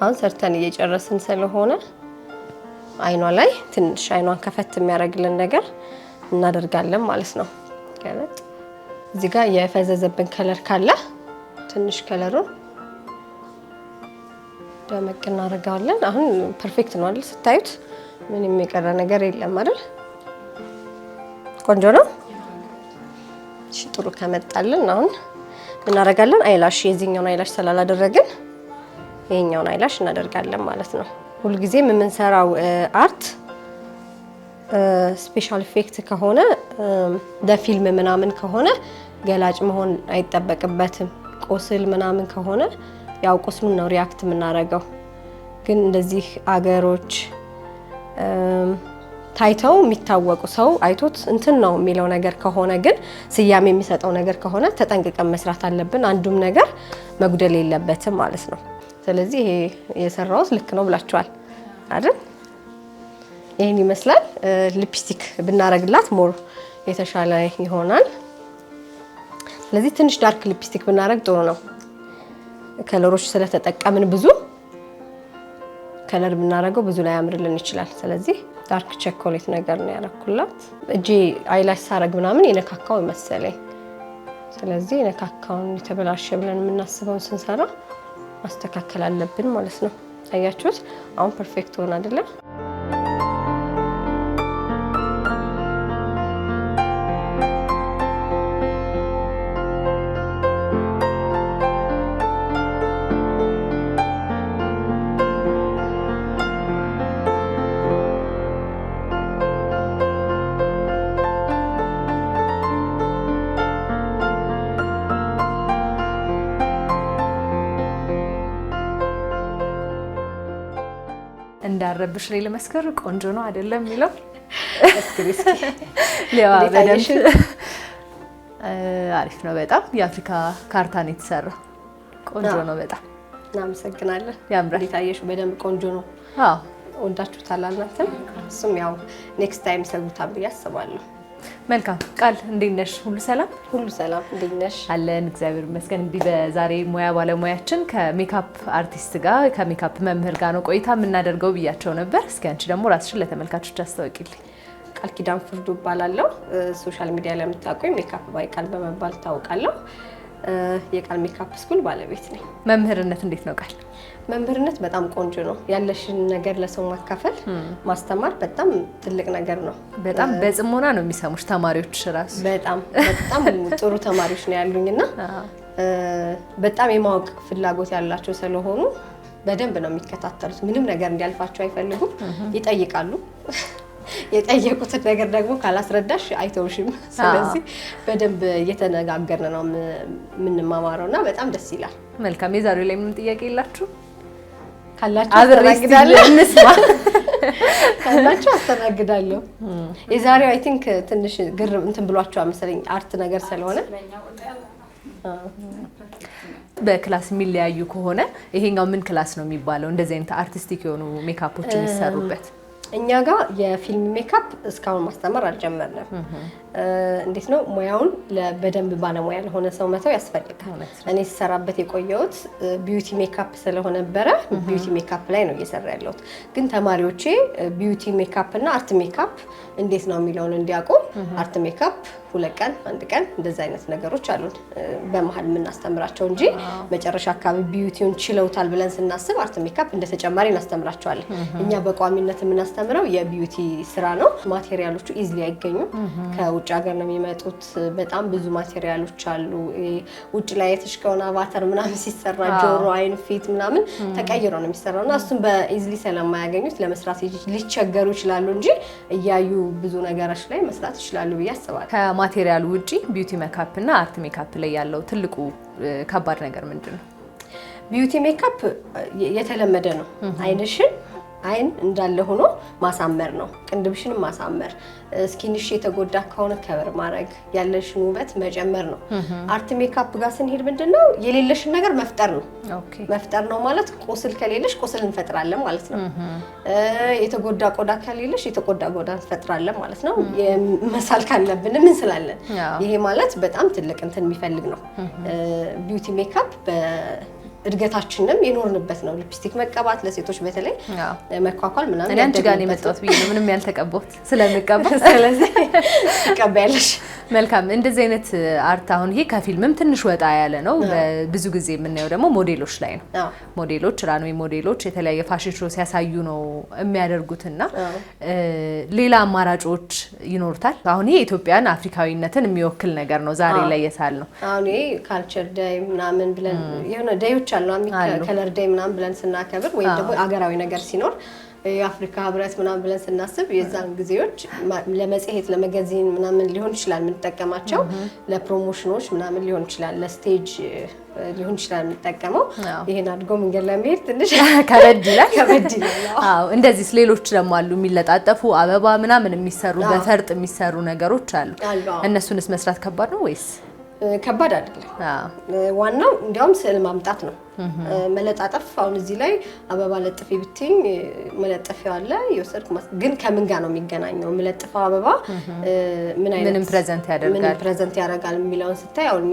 አሁን ሰርተን እየጨረስን ስለሆነ አይኗ ላይ ትንሽ አይኗን ከፈት የሚያደርግልን ነገር እናደርጋለን ማለት ነው። ገለጥ እዚህ ጋር የፈዘዘብን ከለር ካለ ትንሽ ከለሩን ደመቅ እናደርገዋለን። አሁን ፐርፌክት ነው አይደል? ስታዩት ምንም የቀረ ነገር የለም አይደል? ቆንጆ ነው። ጥሩ ከመጣልን አሁን እናደርጋለን አይላሽ የዚህኛውን አይላሽ ስላላደረግን ይሄኛውን አይላሽ እናደርጋለን ማለት ነው። ሁልጊዜም የምንሰራው አርት ስፔሻል ኢፌክት ከሆነ ለፊልም ምናምን ከሆነ ገላጭ መሆን አይጠበቅበትም። ቁስል ምናምን ከሆነ ያው ቁስሉን ነው ሪያክት የምናደርገው። ግን እንደዚህ አገሮች ታይተው የሚታወቁ ሰው አይቶት እንትን ነው የሚለው ነገር ከሆነ ግን ስያሜ የሚሰጠው ነገር ከሆነ ተጠንቅቀን መስራት አለብን። አንዱም ነገር መጉደል የለበትም ማለት ነው። ስለዚህ ይሄ የሰራሁት ልክ ነው ብላችኋል አይደል? ይህን ይመስላል። ሊፕስቲክ ብናረግላት ሞር የተሻለ ይሆናል። ስለዚህ ትንሽ ዳርክ ሊፕስቲክ ብናረግ ጥሩ ነው። ከለሮች ስለተጠቀምን ብዙ ከለር ብናረገው ብዙ ላይ ያምርልን ይችላል። ስለዚህ ዳርክ ቸኮሌት ነገር ነው ያረኩላት። እጄ አይላሽ ሳረግ ምናምን የነካካው መሰለኝ። ስለዚህ የነካካውን የተበላሸ ብለን የምናስበውን ስንሰራ ማስተካከል አለብን ማለት ነው። አያችሁት? አሁን ፐርፌክት ሆን አይደለም። እንዳረብሽ ላይ ልመስክር ቆንጆ ነው አይደለም የሚለው ሌባ በደንብ አሪፍ ነው በጣም የአፍሪካ ካርታ ነው የተሰራ ቆንጆ ነው በጣም እናመሰግናለን ያምራል የታየሽው በደንብ ቆንጆ ነው ወዳችሁታል አልናትም እሱም ያው ኔክስት ታይም ሰጉታል ብዬ አስባለሁ መልካም ቃል እንዴት ነሽ? ሁሉ ሰላም፣ ሁሉ ሰላም፣ እንዴት ነሽ? አለን እግዚአብሔር ይመስገን። እንግዲህ በዛሬ ሙያ ባለሙያችን ከሜካፕ አርቲስት ጋር ከሜካፕ መምህር ጋር ነው ቆይታ የምናደርገው ብያቸው ነበር። እስኪ አንቺ ደግሞ ራስሽን ለተመልካቾች አስታውቂልኝ። ቃል ኪዳን ፍርዱ እባላለሁ። ሶሻል ሚዲያ ላይ ሜካፕ ባይ ቃል በመባል ታውቃለሁ። የቃል ሜካፕ ስኩል ባለቤት ነኝ። መምህርነት እንዴት ነው ቃል? መምህርነት በጣም ቆንጆ ነው። ያለሽን ነገር ለሰው ማካፈል ማስተማር በጣም ትልቅ ነገር ነው። በጣም በጽሞና ነው የሚሰሙሽ ተማሪዎች ራሱ። በጣም በጣም ጥሩ ተማሪዎች ነው ያሉኝ እና በጣም የማወቅ ፍላጎት ያላቸው ስለሆኑ በደንብ ነው የሚከታተሉት። ምንም ነገር እንዲያልፋቸው አይፈልጉም፣ ይጠይቃሉ። የጠየቁትን ነገር ደግሞ ካላስረዳሽ አይተውሽም። ስለዚህ በደንብ እየተነጋገርን ነው የምንማማረው እና በጣም ደስ ይላል። መልካም። የዛሬው ላይ ምንም ጥያቄ የላችሁ ካላችሁ ካላችሁ አስተናግዳለሁ። የዛሬው አይ ቲንክ ትንሽ ግር እንትን ብሏቸው መሰለኝ አርት ነገር ስለሆነ በክላስ የሚለያዩ ከሆነ ይሄኛው ምን ክላስ ነው የሚባለው? እንደዚህ አይነት አርቲስቲክ የሆኑ ሜካፖች የሚሰሩበት እኛ ጋር የፊልም ሜካፕ እስካሁን ማስተማር አልጀመርንም። እንዴት ነው ሙያውን በደንብ ባለሙያ ለሆነ ሰው መተው ያስፈልጋል። እኔ ስሰራበት የቆየሁት ቢዩቲ ሜካፕ ስለነበረ ቢዩቲ ሜካፕ ላይ ነው እየሰራ ያለሁት። ግን ተማሪዎቼ ቢዩቲ ሜካፕ እና አርት ሜካፕ እንዴት ነው የሚለውን እንዲያውቁ አርት ሜካፕ ሁለት ቀን አንድ ቀን እንደዚህ አይነት ነገሮች አሉን በመሀል የምናስተምራቸው እንጂ መጨረሻ አካባቢ ቢዩቲውን ችለውታል ብለን ስናስብ አርት ሜካፕ እንደ ተጨማሪ እናስተምራቸዋለን። እኛ በቋሚነት የምናስተምረው የቢዩቲ ስራ ነው። ማቴሪያሎቹ ኢዝሊ አይገኙም ከውጭ ከውጭ ሀገር ነው የሚመጡት። በጣም ብዙ ማቴሪያሎች አሉ። ውጭ ላይ የተሽ ከሆነ አቫተር ምናምን ሲሰራ ጆሮ፣ አይን፣ ፊት ምናምን ተቀይሮ ነው የሚሰራው እና እሱም በኢዝሊ ስለማያገኙት ለመስራት ሊቸገሩ ይችላሉ እንጂ እያዩ ብዙ ነገሮች ላይ መስራት ይችላሉ ብዬ አስባለሁ። ከማቴሪያሉ ውጭ ቢዩቲ ሜካፕ እና አርት ሜካፕ ላይ ያለው ትልቁ ከባድ ነገር ምንድን ነው? ቢዩቲ ሜካፕ የተለመደ ነው አይንሽን አይን እንዳለ ሆኖ ማሳመር ነው። ቅንድብሽን ማሳመር፣ ስኪንሽ የተጎዳ ከሆነ ከበር ማድረግ፣ ያለሽን ውበት መጨመር ነው። አርት ሜካፕ ጋር ስንሄድ ምንድን ነው የሌለሽን ነገር መፍጠር ነው። መፍጠር ነው ማለት ቁስል ከሌለሽ ቁስል እንፈጥራለን ማለት ነው። የተጎዳ ቆዳ ከሌለሽ የተጎዳ ቆዳ እንፈጥራለን ማለት ነው። መሳል ካለብንም እንስላለን። ይሄ ማለት በጣም ትልቅ እንትን የሚፈልግ ነው ቢዩቲ ሜካፕ እድገታችንም የኖርንበት ነው። ሊፕስቲክ መቀባት ለሴቶች በተለይ መኳኳል ምናምን አንቺ ጋር ነው የመጣሁት ብዬ ነው ምንም ያልተቀባሁት ስለምቀባ ስለዚህ ትቀባያለሽ። መልካም እንደዚህ አይነት አርት አሁን ይሄ ከፊልምም ትንሽ ወጣ ያለ ነው። ብዙ ጊዜ የምናየው ደግሞ ሞዴሎች ላይ ነው። ሞዴሎች ራንዌ ሞዴሎች የተለያየ ፋሽን ሾ ሲያሳዩ ነው የሚያደርጉትና ሌላ አማራጮች ይኖሩታል። አሁን ይሄ ኢትዮጵያን አፍሪካዊነትን የሚወክል ነገር ነው። ዛሬ ላይ የሳል ነው። አሁን ይሄ ካልቸር ዳይ ምናምን ብለን የሆነ ዳዮች አሉ ከለር ዳይ ምናምን ብለን ስናከብር ወይም ደግሞ አገራዊ ነገር ሲኖር የአፍሪካ ህብረት ምናምን ብለን ስናስብ የዛን ጊዜዎች ለመጽሔት ለመገዚን ምናምን ሊሆን ይችላል የምንጠቀማቸው፣ ለፕሮሞሽኖች ምናምን ሊሆን ይችላል፣ ለስቴጅ ሊሆን ይችላል የምንጠቀመው። ይህን አድጎ መንገድ ለመሄድ ትንሽ ከበድ ይላል። እንደዚህ ሌሎች ደግሞ አሉ የሚለጣጠፉ አበባ ምናምን የሚሰሩ በፈርጥ የሚሰሩ ነገሮች አሉ። እነሱንስ መስራት ከባድ ነው ወይስ ከባድ አይደለም። ዋናው እንዲያውም ስዕል ማምጣት ነው። መለጣጠፍ አሁን እዚህ ላይ አበባ ለጥፊ ብትኝ መለጠፊያ አለ የወሰድኩ ግን ከምን ጋር ነው የሚገናኘው? የምለጥፈው አበባ ምን አይነት ፕሬዘንት ያደርጋል የሚለውን ስታይ አሁን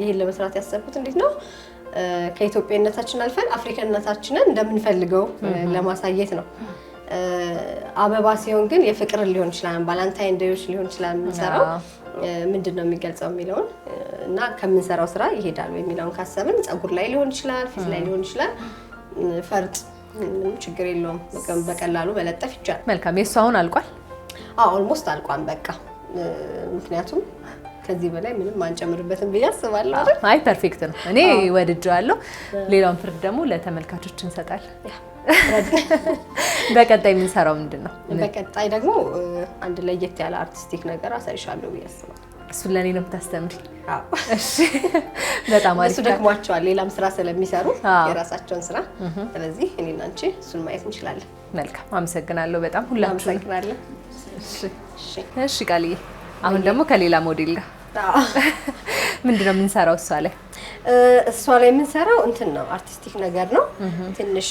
ይህን ለመስራት ያሰብኩት እንዴት ነው ከኢትዮጵያነታችን አልፈን አፍሪካነታችንን እንደምንፈልገው ለማሳየት ነው። አበባ ሲሆን ግን የፍቅር ሊሆን ይችላል፣ ባላንታይን ዴዎች ሊሆን ይችላል የምንሰራው ምንድን ነው የሚገልጸው የሚለውን እና ከምንሰራው ስራ ይሄዳሉ የሚለውን ካሰብን ጸጉር ላይ ሊሆን ይችላል፣ ፊት ላይ ሊሆን ይችላል። ፈርጥ ምንም ችግር የለውም፣ በቀላሉ መለጠፍ ይቻላል። መልካም የእሱ አሁን አልቋል። ኦልሞስት አልቋን በቃ ምክንያቱም ከዚህ በላይ ምንም አንጨምርበትም ብዬ አስባለሁ። አይ ፐርፌክት ነው። እኔ ወድጀዋለሁ። ሌላውን ፍርድ ደግሞ ለተመልካቾች እንሰጣለን። በቀጣይ የምንሰራው ምንድን ነው? በቀጣይ ደግሞ አንድ ለየት ያለ አርቲስቲክ ነገር አሳይሻለሁ ብዬ አስባለሁ። እሱን ለእኔ ነው የምታስተምሪ? እሺ፣ በጣም አሪፍ። እሱ ደክሟቸዋል፣ ሌላም ስራ ስለሚሰሩ የራሳቸውን ስራ። ስለዚህ እኔና አንቺ እሱን ማየት እንችላለን። መልካም፣ አመሰግናለሁ በጣም ሁላችሁ። እሺ፣ ቃልዬ፣ አሁን ደግሞ ከሌላ ሞዴል ጋር ምንድን ነው የምንሰራው እሷ ላይ? እሷ ላይ የምንሰራው እንትን ነው አርቲስቲክ ነገር ነው። ትንሽ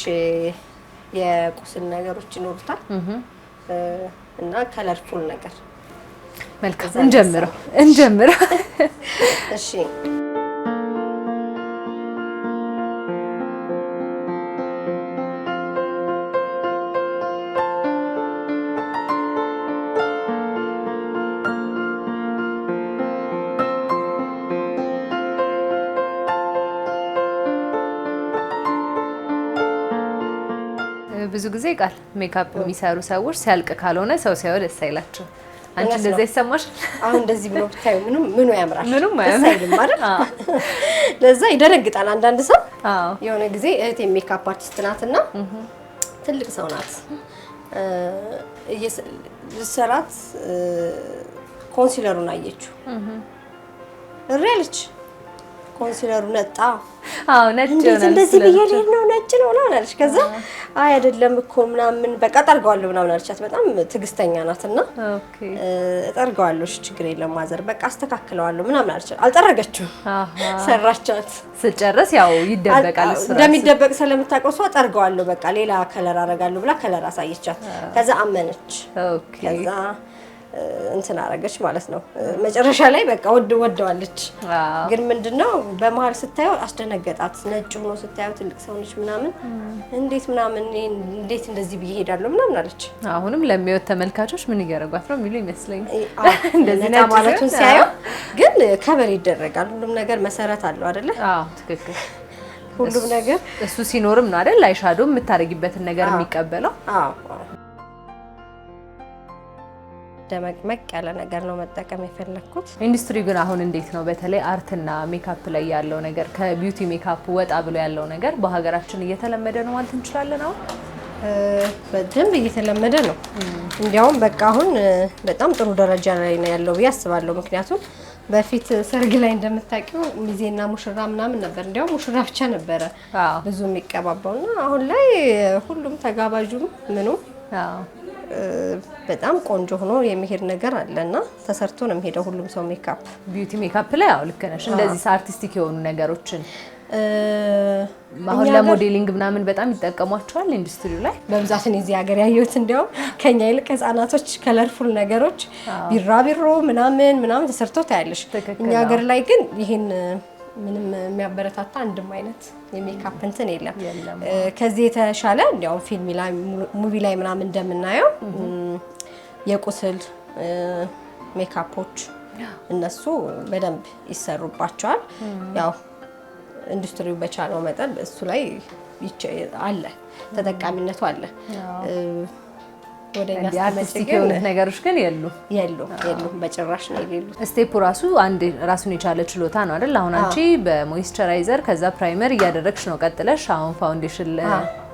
የቁስል ነገሮች ይኖሩታል እና ከለርፉል ነገር መልካም እንጀምረው እንጀምረው። እሺ ሜካፕ የሚሰሩ ሰዎች ሲያልቅ ካልሆነ ሰው ሲያዩ ደስ አይላቸው። አንቺ እንደዚህ ይሰማሽ? አሁን እንደዚህ ብሎ ብታዩ ምንም ምኑ ያምራል? ምንም አያምርም ለዛ ይደነግጣል አንዳንድ ሰው። የሆነ ጊዜ እህት የሜካፕ አርቲስት ናትና ትልቅ ሰው ናት። ልሰራት ኮንሲለሩን አየችው እሪ አለች። ኮንሲለሩ ነጣ። አዎ ነጭ ነው። እንዴት እንደዚህ ብዬ ልሄድ ነው? ነጭ ነው ምናምን አለች። ከዛ አይ አይደለም እኮ ምናምን በቃ ጠርገዋለሁ ምናምን አለቻት። በጣም ትዕግስተኛ ናትና ኦኬ እጠርገዋለሁ፣ እሺ ችግር የለም ማዘር በቃ አስተካክለዋለሁ ምናምን አለች። አልጠረገችው፣ ሰራቻት። ስጨርስ ያው ይደበቃል፣ እንደሚደበቅ ስለምታውቀው እሷ ጠርገዋለሁ፣ በቃ ሌላ ከለር አደርጋለሁ ብላ ከለር አሳየቻት። ከዛ አመነች። ኦኬ ከዛ እንትን አረገች ማለት ነው። መጨረሻ ላይ በቃ ወድ ወደዋለች። ግን ምንድነው በመሀል ስታየው አስደነገጣት። ነጭ ሆኖ ስታየው ትልቅ ሰው ምናምን፣ እንዴት ምናምን እንዴት እንደዚህ ብዬ እሄዳለሁ ምናምን አለች። አሁንም ለሚወት ተመልካቾች ምን እያደረጓት ነው የሚሉ ይመስለኝ እንደዚህ ማለቱን ሲያየው። ግን ከበር ይደረጋል። ሁሉም ነገር መሰረት አለው አይደለ? ትክክል። ሁሉም ነገር እሱ ሲኖርም ነው አይደል? አይሻዶ የምታደርጊበትን ነገር የሚቀበለው። ደመቅመቅ ያለ ነገር ነው መጠቀም የፈለግኩት። ኢንዱስትሪ ግን አሁን እንዴት ነው በተለይ አርትና ሜካፕ ላይ ያለው ነገር ከቢዩቲ ሜካፕ ወጣ ብሎ ያለው ነገር በሀገራችን እየተለመደ ነው ማለት እንችላለን? አሁን በደንብ እየተለመደ ነው። እንዲያውም በቃ አሁን በጣም ጥሩ ደረጃ ላይ ነው ያለው ብዬ አስባለሁ። ምክንያቱም በፊት ሰርግ ላይ እንደምታውቂው ሚዜና ሙሽራ ምናምን ነበር። እንዲያውም ሙሽራ ብቻ ነበረ ብዙ የሚቀባባውና አሁን ላይ ሁሉም ተጋባዡም ምኑም በጣም ቆንጆ ሆኖ የሚሄድ ነገር አለና ተሰርቶ ነው የሚሄደው ሁሉም ሰው ሜካፕ ቢዩቲ ሜካፕ ላይ ያው ልክ ነሽ። እንደዚህ አርቲስቲክ የሆኑ ነገሮችን አሁን ለሞዴሊንግ ምናምን በጣም ይጠቀሟቸዋል ኢንዱስትሪው ላይ በብዛት ነው እዚህ ሀገር ያየሁት። እንዲያውም ከኛ ይልቅ ህጻናቶች ከለርፉል ነገሮች ቢራቢሮ ምናምን ምናምን ተሰርቶ ታያለሽ። እኛ ሀገር ላይ ግን ይሄን ምንም የሚያበረታታ አንድም አይነት የሜካፕ እንትን የለም። ከዚህ የተሻለ እንዲያውም ፊልም ላይ ሙቪ ላይ ምናምን እንደምናየው የቁስል ሜካፖች እነሱ በደንብ ይሰሩባቸዋል። ያው ኢንዱስትሪው በቻለው መጠን እሱ ላይ አለ ተጠቃሚነቱ አለ። አርቲስቲክ የሆኑት ነገሮች ግን የሉ የሉ የሉም፣ በጭራሽ ነው የሌሉ። ስቴፑ ራሱ አንድ ራሱን የቻለ ችሎታ ነው አይደል? አሁን አንቺ በሞይስቸራይዘር ከዛ ፕራይመር እያደረግሽ ነው ቀጥለሽ አሁን ፋውንዴሽን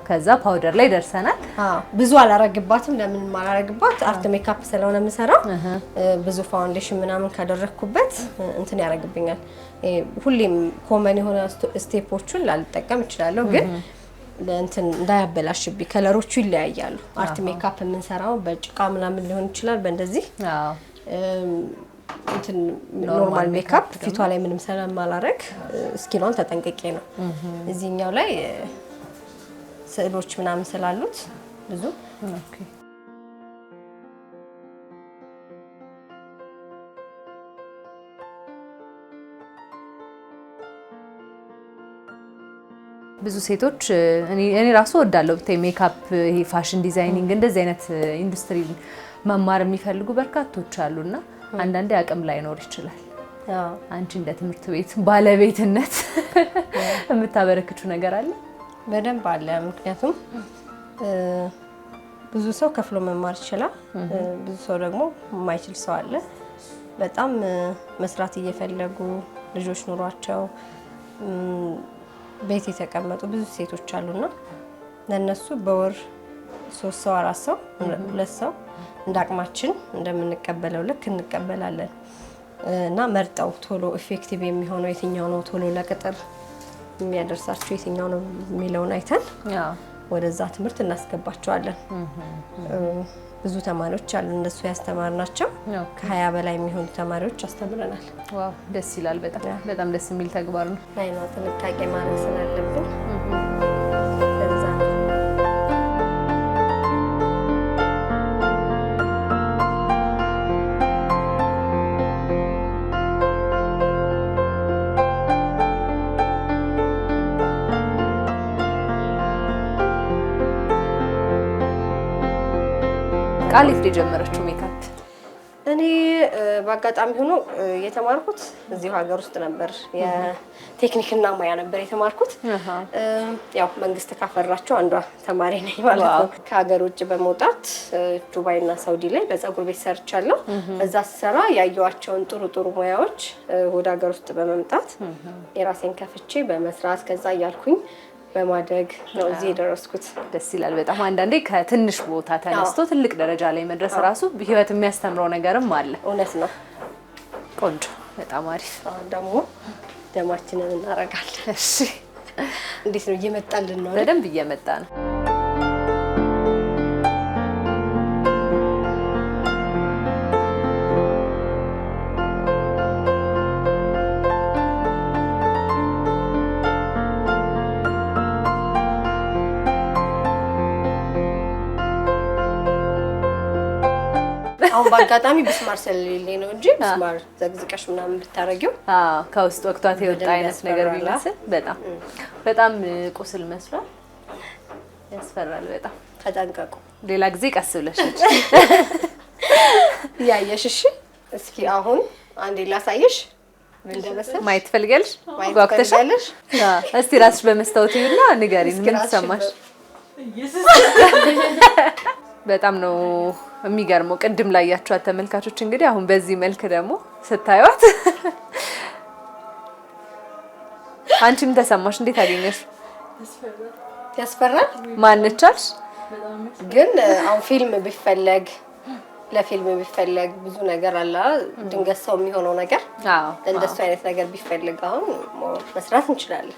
ከዛ ፓውደር ላይ ደርሰናል። ብዙ አላረግባትም። ለምን አላረግባት? አርት ሜካፕ ስለሆነ የምሰራው ብዙ ፋውንዴሽን ምናምን ካደረግኩበት እንትን ያደርግብኛል። ሁሌም ኮመን የሆነ ስቴፖቹን ላልጠቀም እችላለሁ ግን እንትን እንዳያበላሽብኝ ከለሮቹ ይለያያሉ። አርት ሜካፕ የምንሰራው በጭቃ ምናምን ሊሆን ይችላል። በእንደዚህ ኖርማል ሜካፕ ፊቷ ላይ ምንም ስለማላረግ እስኪኗን ተጠንቅቄ ነው። እዚህኛው ላይ ስዕሎች ምናምን ስላሉት ብዙ ብዙ ሴቶች እኔ ራሱ ወዳለሁ ብታይ ሜካፕ፣ ይሄ ፋሽን ዲዛይኒንግ እንደዚህ አይነት ኢንዱስትሪ መማር የሚፈልጉ በርካቶች አሉና አንዳንዴ አቅም ላይኖር ይችላል። አንቺ እንደ ትምህርት ቤት ባለቤትነት የምታበረክችው ነገር አለ? በደንብ አለ። ምክንያቱም ብዙ ሰው ከፍሎ መማር ይችላል። ብዙ ሰው ደግሞ የማይችል ሰው አለ። በጣም መስራት እየፈለጉ ልጆች ኑሯቸው ቤት የተቀመጡ ብዙ ሴቶች አሉና ለእነሱ በወር ሶስት ሰው አራት ሰው ሁለት ሰው እንደ አቅማችን እንደምንቀበለው ልክ እንቀበላለን እና መርጠው ቶሎ ኢፌክቲቭ የሚሆነው የትኛው ነው፣ ቶሎ ለቅጥር የሚያደርሳቸው የትኛው ነው የሚለውን አይተን ወደዛ ትምህርት እናስገባቸዋለን። ብዙ ተማሪዎች አሉ ያስተማር ናቸው። ከሀያ በላይ የሚሆኑ ተማሪዎች አስተምረናል። ዋው ደስ ይላል። በጣም በጣም ደስ የሚል ተግባር ነው። ላይ ነው ጥንቃቄ ማድረግ ስላለብን ማሌት የጀመረችው ሜካፕ? እኔ በአጋጣሚ ሆኖ የተማርኩት እዚሁ ሀገር ውስጥ ነበር። የቴክኒክና ሙያ ነበር የተማርኩት። ያው መንግስት ካፈራቸው አንዷ ተማሪ ነኝ ማለት ነው። ከሀገር ውጭ በመውጣት እና ሳውዲ ላይ በፀጉር ቤት ሰርቻለሁ። እዛ ስሰራ ያየኋቸውን ጥሩ ጥሩ ሙያዎች ወደ ሀገር ውስጥ በመምጣት የራሴን ከፍቼ በመስራት ከዛ እያልኩኝ በማደግ ነው እዚህ የደረስኩት። ደስ ይላል በጣም አንዳንዴ ከትንሽ ቦታ ተነስቶ ትልቅ ደረጃ ላይ መድረስ ራሱ ህይወት የሚያስተምረው ነገርም አለ። እውነት ነው። ቆንጆ፣ በጣም አሪፍ። አሁን ደግሞ ደማችንን እናረጋለን። እሺ፣ እንዴት ነው? እየመጣልን ነው። በደንብ እየመጣ ነው። በአጋጣሚ ብስማር ስለሌለኝ ነው እንጂ ብስማር ዘግዝቀሽ ምናምን ብታረጊው ከውስጥ ወቅቷት የወጣ አይነት ነገር ቢመስል በጣም በጣም ቁስል መስሏል። ያስፈራል። በጣም ተጠንቀቁ። ሌላ ጊዜ ቀስ ብለሽ ያየሽ። እሺ፣ እስኪ አሁን አንዴ ላሳየሽ። ማየት ትፈልጊያለሽ? ጓጉተሻለሽ? እስቲ ራስሽ በመስታወት ይኸውና ንገሪኝ፣ ምን ተሰማሽ? በጣም ነው የሚገርመው። ቅድም ላይ ተመልካቾች እንግዲህ አሁን በዚህ መልክ ደግሞ ስታዩት አንቺም ተሰማሽ? እንዴት አገኘሽ? ያስፈራል። ማነቻል ግን አሁን ፊልም ቢፈለግ ለፊልም ቢፈለግ ብዙ ነገር አለ። ድንገት ሰው የሚሆነው ነገር እንደሱ አይነት ነገር ቢፈልግ አሁን መስራት እንችላለን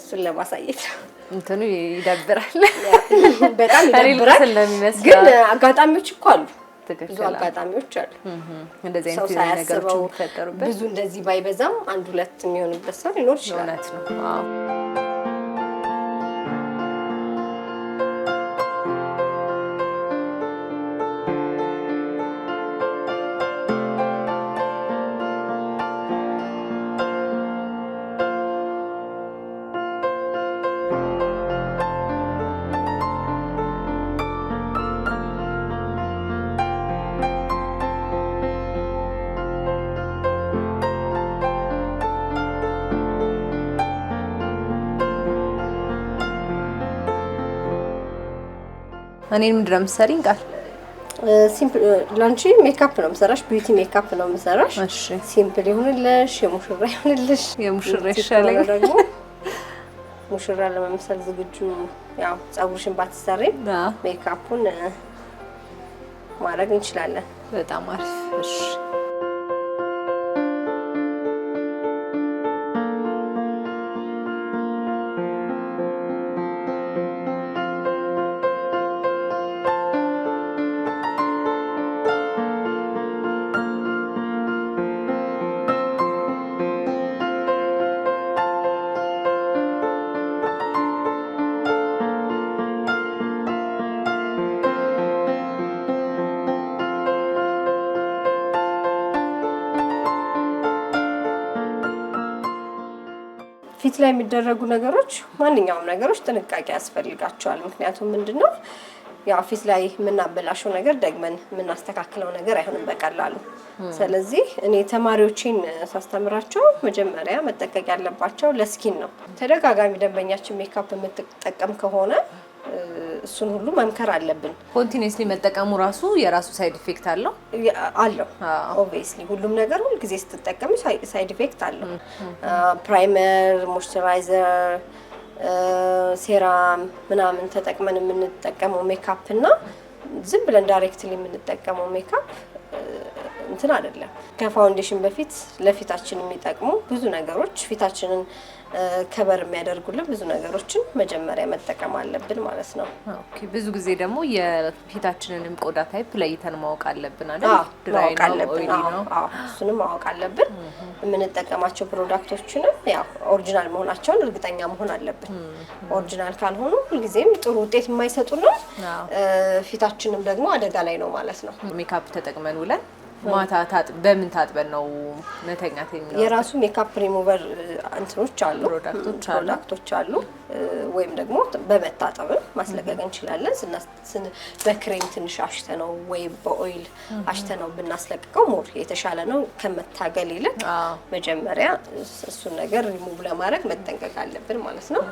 እሱን ለማሳየት እንትኑ ይደብራል፣ በጣም ይደብራል። ግን አጋጣሚዎች እኮ አሉ፣ ብዙ አጋጣሚዎች አሉ። እንደዚህ አይነት ነገሮች የሚፈጠሩበት ብዙ እንደዚህ ባይበዛም አንድ ሁለት የሚሆንበት ሰው ሊኖር ይችላል ነው። እኔን ምንድን ነው የምትሰሪኝ? ቃል ሲምፕል ላንቺ ሜካፕ ነው የምሰራሽ፣ ቢዩቲ ሜካፕ ነው የምሰራሽ። እሺ ሲምፕል ይሁንልሽ፣ የሙሽራ ይሁንልሽ። የሙሽራ ይሻለኝ ደግሞ ሙሽራ ለመምሰል ዝግጁ ያው ፀጉርሽን ባትሰሪ ሜካፑን ማድረግ እንችላለን። በጣም አሪፍ። እሺ ቤት ላይ የሚደረጉ ነገሮች ማንኛውም ነገሮች ጥንቃቄ ያስፈልጋቸዋል። ምክንያቱም ምንድን ነው ያው ፊት ላይ የምናበላሸው ነገር ደግመን የምናስተካክለው ነገር አይሆንም በቀላሉ። ስለዚህ እኔ ተማሪዎችን ሳስተምራቸው መጀመሪያ መጠቀቅ ያለባቸው ለስኪን ነው። ተደጋጋሚ ደንበኛችን ሜካፕ የምትጠቀም ከሆነ እሱን ሁሉ መምከር አለብን። ኮንቲኒስሊ መጠቀሙ ራሱ የራሱ ሳይድ ኢፌክት አለው አለው። ኦብቪየስሊ ሁሉም ነገር ሁልጊዜ ስትጠቀሙ ሳይድ ኢፌክት አለው። ፕራይመር፣ ሞይስቸራይዘር፣ ሴራም ምናምን ተጠቅመን የምንጠቀመው ሜካፕ እና ዝም ብለን ዳይሬክትሊ የምንጠቀመው ሜካፕ እንትን አይደለም። ከፋውንዴሽን በፊት ለፊታችን የሚጠቅሙ ብዙ ነገሮች ፊታችንን ከበር የሚያደርጉልን ብዙ ነገሮችን መጀመሪያ መጠቀም አለብን ማለት ነው። ብዙ ጊዜ ደግሞ የፊታችንንም ቆዳ ታይፕ ለይተን ማወቅ አለብን አይደል? ማወቅ አለብን። እሱንም ማወቅ አለብን። የምንጠቀማቸው ፕሮዳክቶችንም ያው ኦሪጂናል መሆናቸውን እርግጠኛ መሆን አለብን። ኦሪጂናል ካልሆኑ ሁልጊዜም ጥሩ ውጤት ነው፣ ፊታችንም ደግሞ አደጋ ላይ ነው ማለት ነው። ሜካፕ ተጠቅመን ውለን ማታ በምን ታጥበን ነው መተኛት የሚለው የራሱ ሜካፕ ሪሙቨር እንትኖች አሉ፣ ፕሮዳክቶች አሉ። ወይም ደግሞ በመታጠብም ማስለቀቅ እንችላለን። በክሬም ትንሽ አሽተ ነው ወይም በኦይል አሽተ ነው ብናስለቅቀው ሞር የተሻለ ነው ከመታገል ይልቅ። መጀመሪያ እሱን ነገር ሪሙቭ ለማድረግ መጠንቀቅ አለብን ማለት ነው።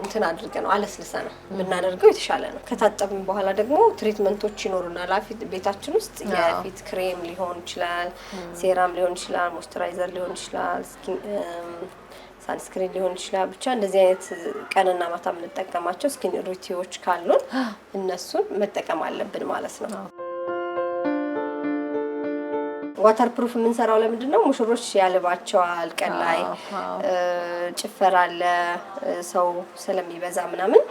እንትን አድርገ ነው አለስልሰ ነው የምናደርገው የተሻለ ነው። ከታጠብን በኋላ ደግሞ ትሪትመንቶች ይኖሩናል ፊት ቤታችን ውስጥ የፊት ክሬም ሊሆን ይችላል፣ ሴራም ሊሆን ይችላል፣ ሞይስቸራይዘር ሊሆን ይችላል፣ ሳንስክሪን ሊሆን ይችላል። ብቻ እንደዚህ አይነት ቀንና ማታ የምንጠቀማቸው ስኪን ሩቲዎች ካሉን እነሱን መጠቀም አለብን ማለት ነው። ዋተር ፕሩፍ የምንሰራው ለምንድን ነው? ሙሽሮች ያልባቸዋል። ቀን ላይ ጭፈራ አለ፣ ሰው ስለሚበዛ ምናምን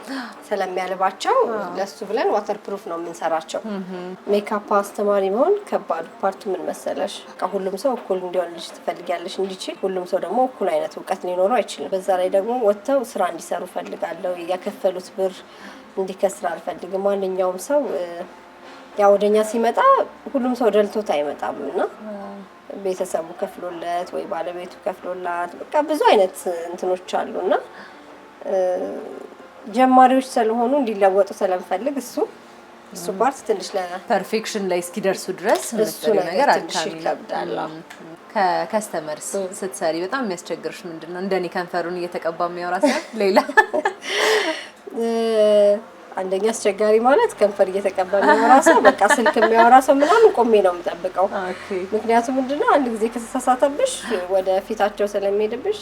ስለሚያልባቸው ለሱ ብለን ዋተር ፕሩፍ ነው የምንሰራቸው። ሜካፕ አስተማሪ መሆን ከባዱ ፓርቱ ምን መሰለሽ? ሁሉም ሰው እኩል እንዲሆን ልጅ ትፈልጊያለሽ እንዲችል፣ ሁሉም ሰው ደግሞ እኩል አይነት እውቀት ሊኖረው አይችልም። በዛ ላይ ደግሞ ወጥተው ስራ እንዲሰሩ ፈልጋለሁ። የከፈሉት ብር እንዲከስር አልፈልግም። ማንኛውም ሰው ያው ወደኛ ሲመጣ ሁሉም ሰው ደልቶት አይመጣም እና ቤተሰቡ ከፍሎለት ወይ ባለቤቱ ከፍሎላት በቃ ብዙ አይነት እንትኖች አሉ እና ጀማሪዎች ስለሆኑ እንዲለወጡ ስለምፈልግ እሱ እሱ ፓርት ትንሽ ፐርፌክሽን ላይ እስኪደርሱ ድረስ እሱ ነገር ትንሽ ይከብዳል። ከከስተመር ስትሰሪ በጣም የሚያስቸግርሽ ምንድን ነው? እንደኔ ከንፈሩን እየተቀባ የሚያወራ ሌላ አንደኛ አስቸጋሪ ማለት ከንፈር እየተቀባ የሚያወራ ሰው በቃ ስልክ የሚያወራ ሰው ምናምን ቆሜ ነው የምጠብቀው። ምክንያቱም ምንድነው አንድ ጊዜ ከተሳሳተብሽ ወደ ፊታቸው ስለሚሄድብሽ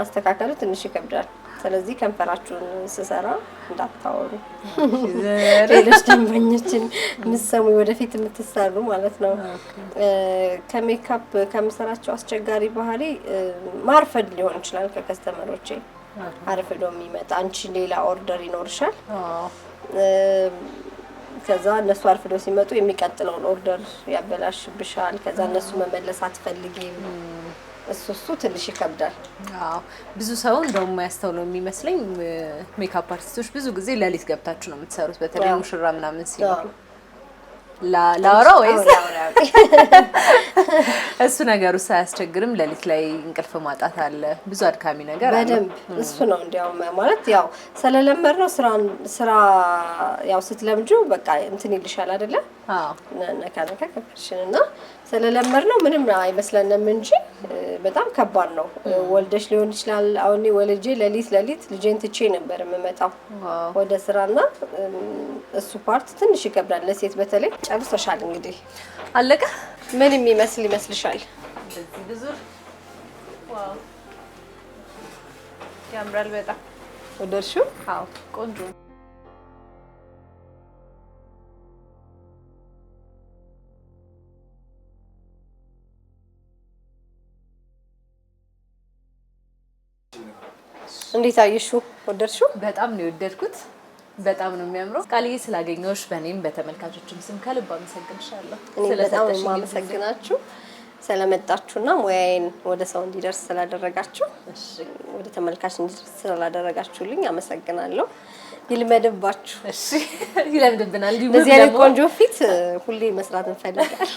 ማስተካከሉ ትንሽ ይከብዳል። ስለዚህ ከንፈራችሁን ስሰራ እንዳታወሩ። ሌሎች ደንበኞችን የምትሰሙ ወደፊት የምትሰሩ ማለት ነው። ከሜካፕ ከምሰራቸው አስቸጋሪ ባህሪ ማርፈድ ሊሆን ይችላል ከከስተመሮቼ አርፍዶ የሚመጣ አንቺ ሌላ ኦርደር ይኖርሻል። ከዛ እነሱ አርፍዶ ሲመጡ የሚቀጥለውን ኦርደር ያበላሽብሻል። ከዛ እነሱ መመለስ አትፈልጊም። እሱ እሱ ትንሽ ይከብዳል። ብዙ ሰው እንደውም የማያስተውለው የሚመስለኝ ሜካፕ አርቲስቶች ብዙ ጊዜ ለሊት ገብታችሁ ነው የምትሰሩት፣ በተለይ ሙሽራ ምናምን ሲኖሩ ላወራው ወይስ እሱ ነገር ነገሩ አያስቸግርም? ሌሊት ላይ እንቅልፍ ማጣት አለ፣ ብዙ አድካሚ ነገር አለ። በደንብ እሱ ነው እንዲያውም ማለት ያው ስለለመድ ነው ስራ ያው ስትለምጁ በቃ እንትን ይልሻል አይደለ? ነካ ነካ ከፍሽን እና ስለለመድ ነው ምንም አይመስለንም እንጂ በጣም ከባድ ነው። ወልደሽ ሊሆን ይችላል። አሁን ወልጄ ለሊት ለሊት ልጄን ትቼ ነበር የምመጣው ወደ ስራና እሱ ፓርት ትንሽ ይከብዳል። ለሴት በተለይ ጨርሶሻል እንግዲህ አለቀ። ምን የሚመስል ይመስልሻል? ያምራል። በጣም ወደድሽው? አዎ ቆንጆ እንዴት አየሽው? ወደድሽው? በጣም ነው የወደድኩት። በጣም ነው የሚያምረው። ቃልዬ ስላገኘሁሽ በእኔም በተመልካቾችም ስም ከልብ አመሰግንሻለሁ። እኔ በጣም ነው የማመሰግናችሁ ስለመጣችሁና ሙያዬን ወደ ሰው እንዲደርስ ስላደረጋችሁ፣ ወደ ተመልካች እንዲደርስ ስላደረጋችሁልኝ አመሰግናለሁ። ይልመድባችሁ። እሺ ይለምድብናል። እንደዚህ አይነት ቆንጆ ፊት ሁሌ መስራት እንፈልጋለን።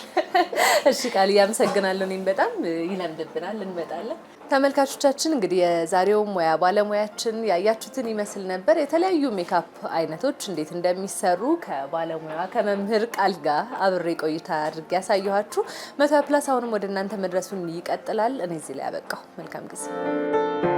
እሺ ቃል እያመሰግናለሁ። እኔም በጣም ይለምድብናል። እንመጣለን። ተመልካቾቻችን እንግዲህ የዛሬው ሙያ ባለሙያችን ያያችሁትን ይመስል ነበር። የተለያዩ ሜካፕ አይነቶች እንዴት እንደሚሰሩ ከባለሙያ ከመምህር ቃል ጋር አብሬ ቆይታ አድርጌ ያሳየኋችሁ። መቶ ፕላስ አሁንም ወደ እናንተ መድረሱን ይቀጥላል። እኔ እዚህ ላይ ያበቃሁ። መልካም ጊዜ